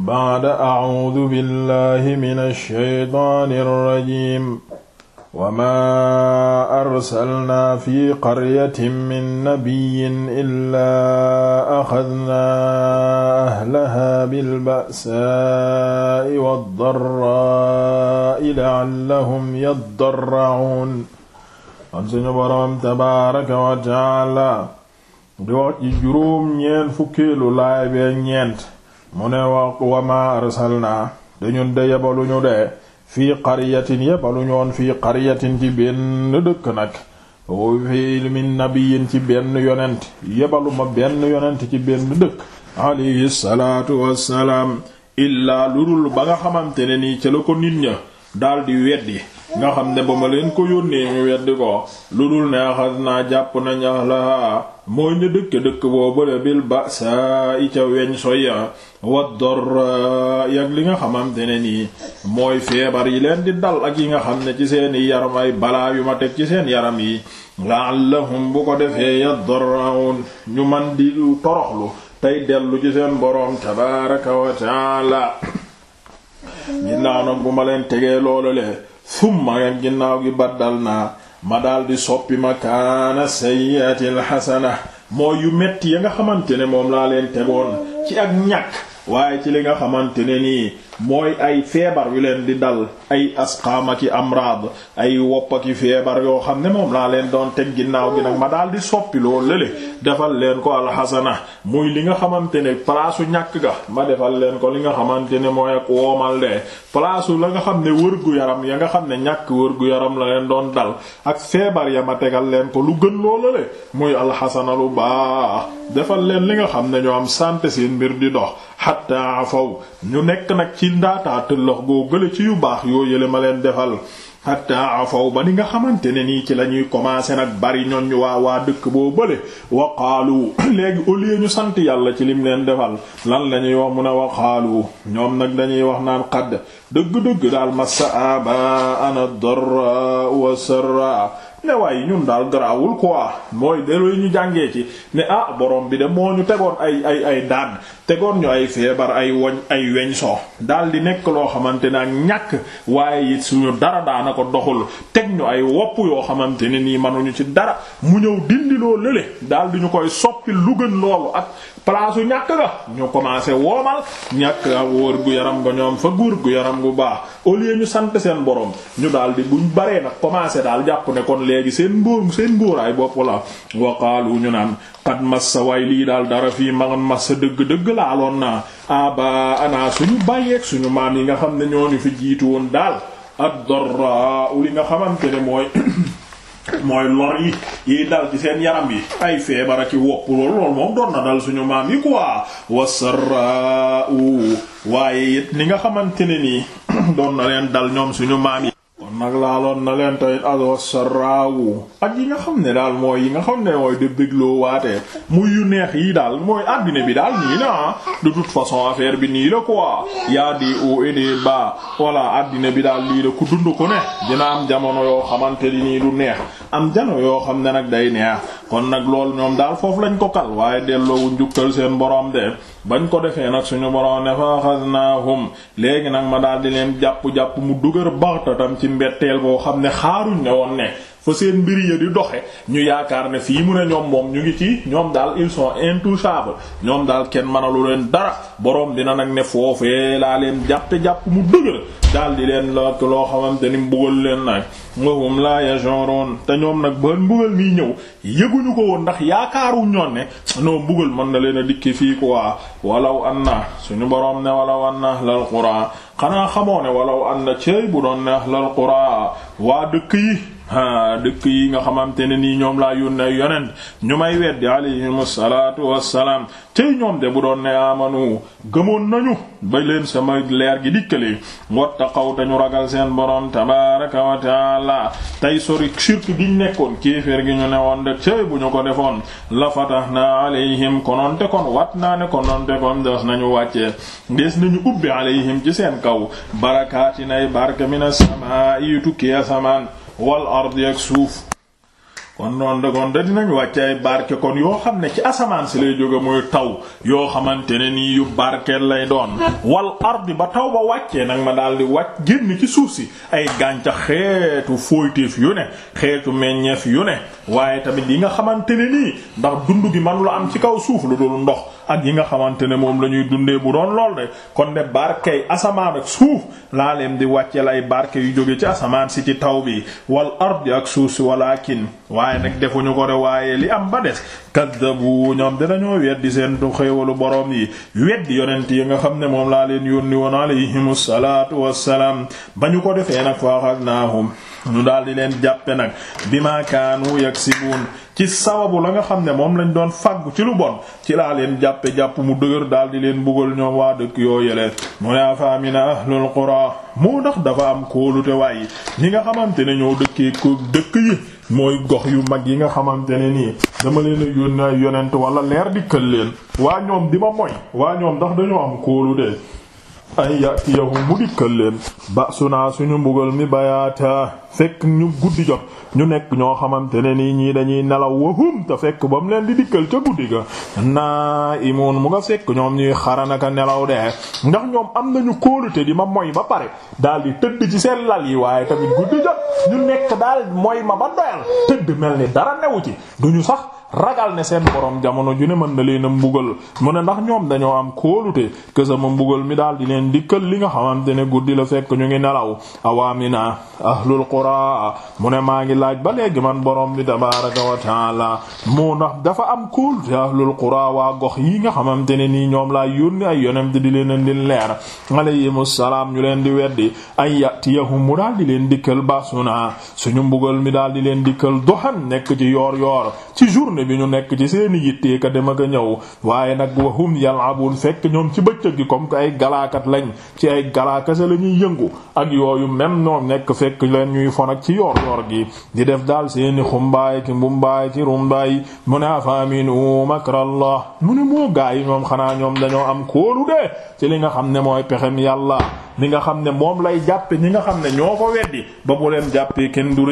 baada acuudu billahi min alsheytaani alrajim wama arsalnaa fi qaryatin min nabiyin illaa axadnaa ahlaha bilba'saa'i waddarraa'i lacallahum yaddarracuun kon suñu boroom tabaaraka wa tacaala di wax ci juróom ñeent fukkeelu laay bee ñeent mu ne wax wa ma arsalna dañun de yebaluñu de fii qaryatin yebaluñoon fii qaryatin ci benn dëkk nag fii min nabiyin ci benn yonent yebaluma benn yonent ci benn dëkk alayhi salaatu wassalaam illaa lu dul ba nga xamante ne nii ca la ko nit ña daldi weddi nga xam ne ba ma leen ko yónnee ñu weddi ko lu dul ne axas naa jàpp nañ ahlaha mooy ñu dëkk-dëkk boobale bil ba saa i ca weñ soya wa dorra yag li nga xamante ne nii mooy feebar yi leen di dal ak yi nga xam ne ci seeni yaram ay balaa yu ma teg ci seen yaram yi laallahum bu ko defee ya dorraun ñu man di toroxlu tey dellu ci seen boroom tabaraka wa nag bu ma leen tegee loolu le summa nga ginnaaw gi baddal na ma daldi soppi ma makaana sayyi'atil hasana mooy yu metti ya nga xamante ne moom laa leen tegoon ci ak ñàkk waaye ci li nga xamante ne nii mooy ay feebar yu leen di dal ay ci am amraad ay woppa ki feebar yoo xam ne moom laa leen doon teg ginnaaw bi nag ma daal di soppi loolu lële defal leen ko alxasana muy li nga xamante ne palaasu ñàkk ga ma defal leen ko li nga xamante ne mooy ak woomal de palaasu la nga xam ne wërgu yaram ya nga xam ne ñàkk wërgu yaram la leen doon dal ak feebar ya ma tegal leen ko lu gën loolu lële muy alxasana lu baax defal leen li nga xam ne ñoo am santé seen mbir di dox hatta afaw ñu nekk nag ci ci ndaataa tëllax goo gële ci yu baax yoo yële ma leen defal hatta afaw ba ni nga xamante ne nii ci la ñuy commencé nag bari ñoñ waa waa dëkk boo bële wa qaalu léegi au lieu ñu sant yàlla ci lim leen defal lan lañuy ñuy wax mu ne wa ñoom nag dañuy wax naan xadd dëgg-dëgg daal massa aba ana darra wa sarra ne waaye ñun daal garaawul quoi mooy daloy ñu jàngee ci ne ah borom bi de moo ñu tegoon ay ay ay daan tegoon ñu ay feebar ay woñ ay weñ soo daal di nekk loo xamante ne ak ñàkk waaye it suñu dara daana ko doxul teg ñu ay wopp yoo xamante ne nii mënuñu ci dara mu ñëw dindi loo lële daal di ñu koy soppi lu gën loolu ak palaasu ñàkk ga ñu commencé woomal ñàkk a wóor gu yaram nga ñoom fa góor gu yaram gu baax au lieu ñu sant seen borom ñu daal di buñ baree nag commencé daal jàpp ne kon léegi seen mbóor seen mbóoraay bopp la waqaalu ñu naan qad massa waay lii daal dara fii ma massa dëgg-dëgg laaloon na aba ana suñu bàyyeeg suñu maam yi nga xam ne ñooñu fi jiitu woon daal ad-darra li nga xamante ne mooy mooy lor yi dal ci seen yaram yi ay feebar ci i wopp loolu moom doon na dal suñu maam yi quoi wasarra waaye it li nga xamante ne nii doon na leen dal ñoom suñu maam yi nag laaloon na leen tey alwasaraawu ak yi nga xam ne daal mooy yi nga xam ne mooy de bégloo waatee muy yu neex yi daal mooy àddina bi daal nii na de toute façon affaire bi nii la quoi yaa di au ede ba voilà àddina bi daal lii la ku dund ko ne dina am jamono yoo xamante ni nii du neex am jano yoo xam ne nag day neex kon nag loolu ñoom daal foofu lañ ko kal waaye delloowu njukkal seen borom de bañ ko defee nag suñu borom ne fa xasnaahum léegi nag ma daal di leen jàpp-jàpp mu dugër baxtatam ci mbetteel boo xam ne xaaruñ ne woon ne fa seen mbir ya di doxe ñu yaakaar ne fii mu ne ñoom moom ñu ngi ci ñoom daal ils sont intouchables ñoom daal kenn mënalu leen dara boroom dina nag ne foofee laa leen jàppe jàpp mu dëgër daal di leen lakk loo xamante ni mbugal leen nag wahum la yashurun te ñoom nag ba mbugal mi ñëw yëguñu ko woon ndax yaakaaru ñoon ne noo mbugal mën na leen a dikki fii quoi walaw anna suñu boroom ne walaw anna ahlal qura xanaa xamoo ne walaw anna cey bu doon ne ahlal qura waa dëkk yi a dëkk yi nga xamante ne nii ñoom laa ay yonent ñu may weddi alayhim salaatu wassalaam tey ñoom de bu doon ne amanu gëmoon nañu ba leen sama leer gi dikkale wattaqaw dañu ragal seen borom tabaaraka wa taala tey sori shirk giñ nekkoon kéeféer gi ñu newoon de cëy bu ñu ko defoon la fatahna alayhim kononte kon wat naa ne kononte kon des nañu wàcce des nañu ubbi alayhim ci seen kaw barakaatinay barke mina samaa'i tukki samaan wal ardi ak suuf kon noonu da kon da dinañ wàcc ay barke kon yoo xam ne ci asamaan si lay jóge mooy taw yoo xamante ne nii yu barkeel lay doon wal ardi ba taw ba wàccee nag ma daal di wàcc génn ci suuf si ay gàncax xeetu fóoyteef yu ne xeetu meññeef yu ne waaye tamit yi nga xamante ne nii ndax dund gi man lu am ci kaw suuf lu dul ndox ak yi nga xamante ne moom la ñuy dundee bu doon lool rek kon ne barkey asamaan ak suuf laa leen di wàcceel ay barke yu jóge ci asamaan si ci taw bi wal ardi ak suuf si walakin waaye nag defuñu ko de waaye li am ba des kaddabu ñoom de dañoo weddi seen du xéewalu boroom yi weddi yonent yi nga xam ne moom laa leen yónni woon alayhimu salaatu wassalaam ba ñu ko defee nag faaxal naahum ñu daal di leen jàppe nag bima kaanu yaksibuun ci sawabu la nga xam ne moom lañ doon fàggu ci lu bon ci laa leen jàppe jàpp mu dëgër daal di leen buggal ñoom waa dëkk yoo yële mu ne afaamina ahlul qura moo tax dafa am kóolute waaye ñi nga xamante ne ñoo dëkkee ko dëkk yi mooy gox yu mag yi nga xamante ne nii dama leen a yónnee yonent wala leer dikkal leen waa ñoom di ma moy waa ñoom ndax dañu am kóolute ay yatiyahu mu dikkal leen ba su naa suñu mbugal mi bayaata fekk ñu guddi jot ñu nekk ñoo xamante ne ni ñii dañuy nelaw wahum te fekk ba mu leen di dikkal ca guddi ga naa imoon mu nga fekk ñoom ñuy xaranaka nelaw de ndax ñoom am nañu kóolute di ma moy ba pare daal di tëdd ci seen lal yi waaye tamit guddi jot ñu nekk daal moy ma ba doyal tëdd mel ni dara newu ci duñu sax ragal ne seen borom jamono ju ne mën na leen a mbugal mu ne ndax ñoom dañoo am kóolute que sama mbugal mi daal di leen dikkal li nga xamante ne guddi la fekk ñu ngi nelaw awaamina ahlul qura mu ne maa ngi laaj ba léegi man boroom bi tabaraka wa taala moo ndax dafa am kóolute ahlul qura waa gox yi nga xamante ne nii ñoom laa yónni ay yonent di leen di leer alayhimu salaam ñu leen di weddi ay yatiyahum mu daal di leen dikkal basuna suñu mbugal mi daal di leen dikkal doxan nekk ci yoor yoor journée bi ñu nekk ci seeni yittee ka dem ak a ñëw waaye nag wahum yal'abun fekk ñoom ci bëccëg gi comme que ay galaakat lañ ci ay galaakase la ñuy yëngu ak yooyu même ñoom nekk fekk leen ñuy fon ak ci yoor yoor gi di def daal seeni xumbaay ki mbumbaay ci rumbaay mu ne afaminu makrallah mu ne moo gaa yi ñoom xanaa ñoom dañoo am kóolu de ci li nga xam ne mooy pexem yàlla li nga xam ne moom lay jàppe ñi nga xam ne ñoo ko weddi ba bu leen jàppee kenn du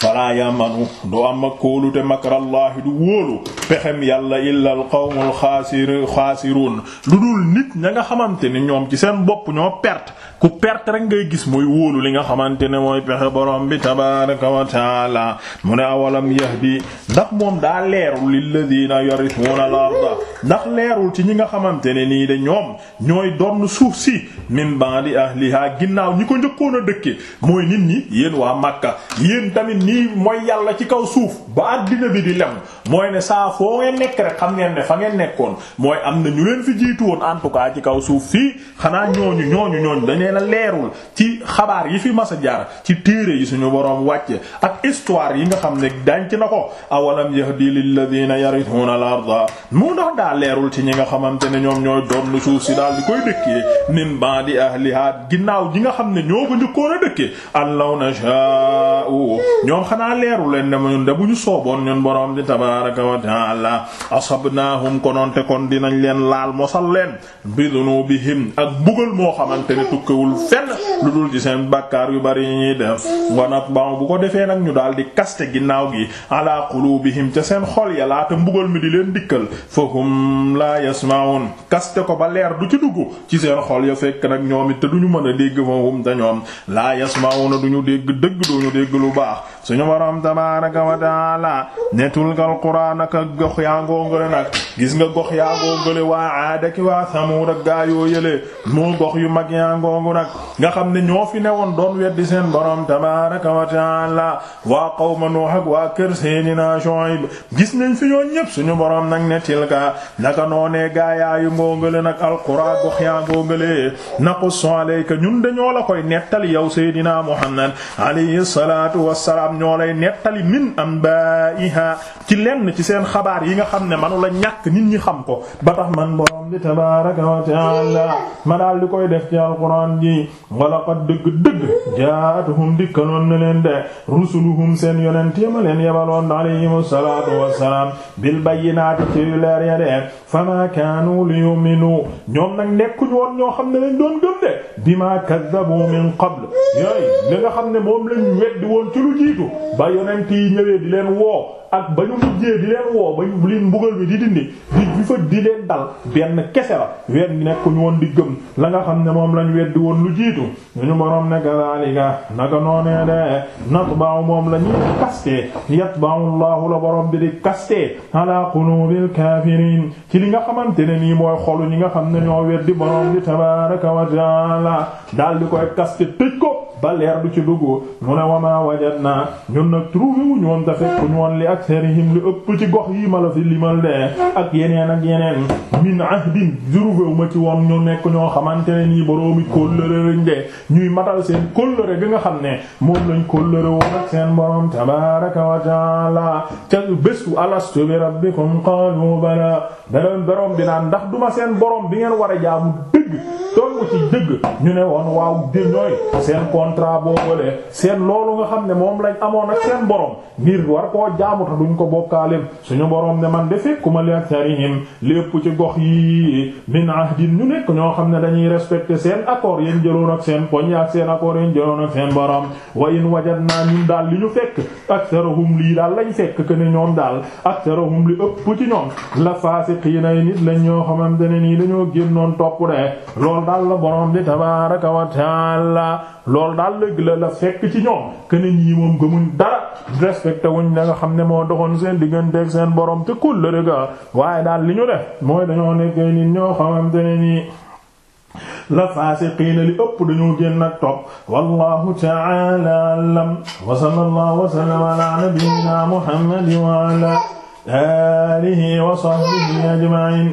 falaa yamanu du am ak kóolute makrallaahi du wóolu pexem yàlla illa al qawmul xaasir xaasiruun lu dul nit ña nga xamante ni ñoom ci seen bopp ñoo perte ku perte rek ngay gis muy wóolu li nga xamante ne mooy pexe borom bi tabaaraka wa taala mu ne awalam bi ndax moom daa leerul lilladiina yarisuuna al arda ndax leerul ci ñi nga xamante ne nii de ñoom ñooy doon suuf si di ba'di ahliha ginnaaw ñi ko njëkkoon a dëkke mooy nit ñi yéen waa Makka yéen nii mooy yàlla ci kaw suuf ba àddina bi di lem mooy ne saa foo ngeen nekk rek xam ngeen ne fa ngeen nekkoon mooy am na ñu leen fi jiitu woon en tout cas ci kaw suuf fii xanaa ñooñu ñooñu ñooñu dañ leen a leerul ci xabaar yi fi mas a jaar ci téere yi suñu boroom wàcce ak histoire yi nga xam ne dànc na ko awalam yahdi lilladina yarithuna al-arda mu ndax daa leerul ci ñi nga xamante ne ñoom ñooy doon lu suuf si daal di koy dëkkee min ba'di ahliha ginnaaw ji nga xam ne ñoo ko njëkkoon a dëkkee allaw nashaa'u ñoom xanaa leeru leen dama ñun de bu ñu sooboon ñun borom di tabaraka wa naa asabnaahum konoonte kon dinañ leen laal mosal leen bi bidunubihim ak mbugal moo xamante ne tukkewul fenn lu dul ci seen bakkaar yu bari ñuy def wanag ba bu ko defee nag ñu daal di kaste ginnaaw gi ala qulubihim ca seen xol ya laata mbugal mi di leen dikkal fahum la yasmaun kaste ko ba leer du ci dugg ci seen xol ya fekk nag ñoom it te duñu mën a dégg fahum te ñoom la yasmauna duñu dégg dëgg duñu lu baax suñu borom tabaaraka wa taala ne tulkal quraan ak gox yaa ngóngale nag gis nga gox yaa ngóngale waa aada ki waa samuud ak gaa yoo yële moo gox yu mag yaa ngongu nag nga xam ne ñoo fi woon doon weddi seen borom tabaaraka wa taala waa qawma nuux ak waa kër gis nañ fi ñoo ñépp suñu borom nag ne tilka naka noonee gaa yaa yu ngóngale nag al quraan gox yaa ngóngale naqussu alayka ñun dañoo la koy nettali yow seydinaa Muhammad alayhi salaatu xam ñoo lay nettali min anba'iha ci lenn ci seen xabaar yi nga xam ne manu la ñàkk nit ñi xam ko ba tax man borom di tabaaraka wa ta'ala ma daal di koy def ci alquran ji walaqad dëgg-dëgg jaatuhum dikkaloon na leen de rusuluhum seen yonent leen yebaloon alayhim salaatu wassalaam bil bayyinaati ci yu leer ya de fama kaanu liyu'minu ñoom nag nekkuñu woon ñoo xam ne lañ doon gëm de bima kaddabu min qabl yooyu li nga xam ne moom lañ weddi woon ci yooyu ba yonent yi ñëwee di leen woo ak ba ñu mujjee di leen woo ba ñu leen mbugal bi di dindi di di fa di leen dal benn kese la wet nekkuñu woon di gëm la nga xam ne moom lañu weddi woon lu jiitu ñu boroom ne kadhalika naka noonee de natba'u moom la ñuy kaste yatba'u Allahu la borom bi di kaste ala qulubil kafirin ci li nga xamante ne nii mooy xolu ñi nga xam ne ñoo weddi borom bi tabaraka wa taala daal di koy kaste tëj ko ba leer ci duggu mu ne wamaa wajadnaa ñun nag trouvé wu ñoon da fekk ñu woon li aktharihim li ëpp ci gox yi ma la fi limal de ak yeneen ak yeneen min ahdin trouvé wu ma ci woon ñu nekk ñoo xamante ne nii boroomi kóllëre ñuy matal seen kóllëre gi nga xam ne moom lañ kóllëre woon ak seen borom tabaaraka wa taala ca bésu alastu bi rabbikum qaalu balaa beneen borom bi naan ndax duma seen borom bi ngeen war a jaamu dëgg toogu ci dëgg ñu ne woon waaw di ñooy seen contrat boobalee seen loolu nga xam ne moom lañ amoon ak seen borom ngir war koo jaamuta duñ ko bokkaaleem suñu borom ne man de fekkuma leen tarihim lépp ci gox yi min ahdin ñu nekk ñoo xam ne dañuy respecté seen accord yeen jëloon ak seen poñ ak seen accord yeen jëloon ak seen borom wa in wajadna ñun daal li ñu fekk aktharuhum lii daal lañ fekk que ne ñoom daal aktharuhum li ëpp ci ñoom la faasiqiina loolu daal la borom bi tabaaraka wa taala lool daal léegi la la fekk ci ñoom keneen ñii moom gëmuñ dara respecté wuñ daga xam ne moo doxoon seen digganteeg seen borom te kóllëre ga waaye daal li ñu def mooy dañoo nekkee nit ñoo xamante ne ni la faasiqiina li ëpp dañoo génn ak topp wallahu ta'ala a'lam wa sallallahu wa sallama wa ala wa sahbihi ajma'in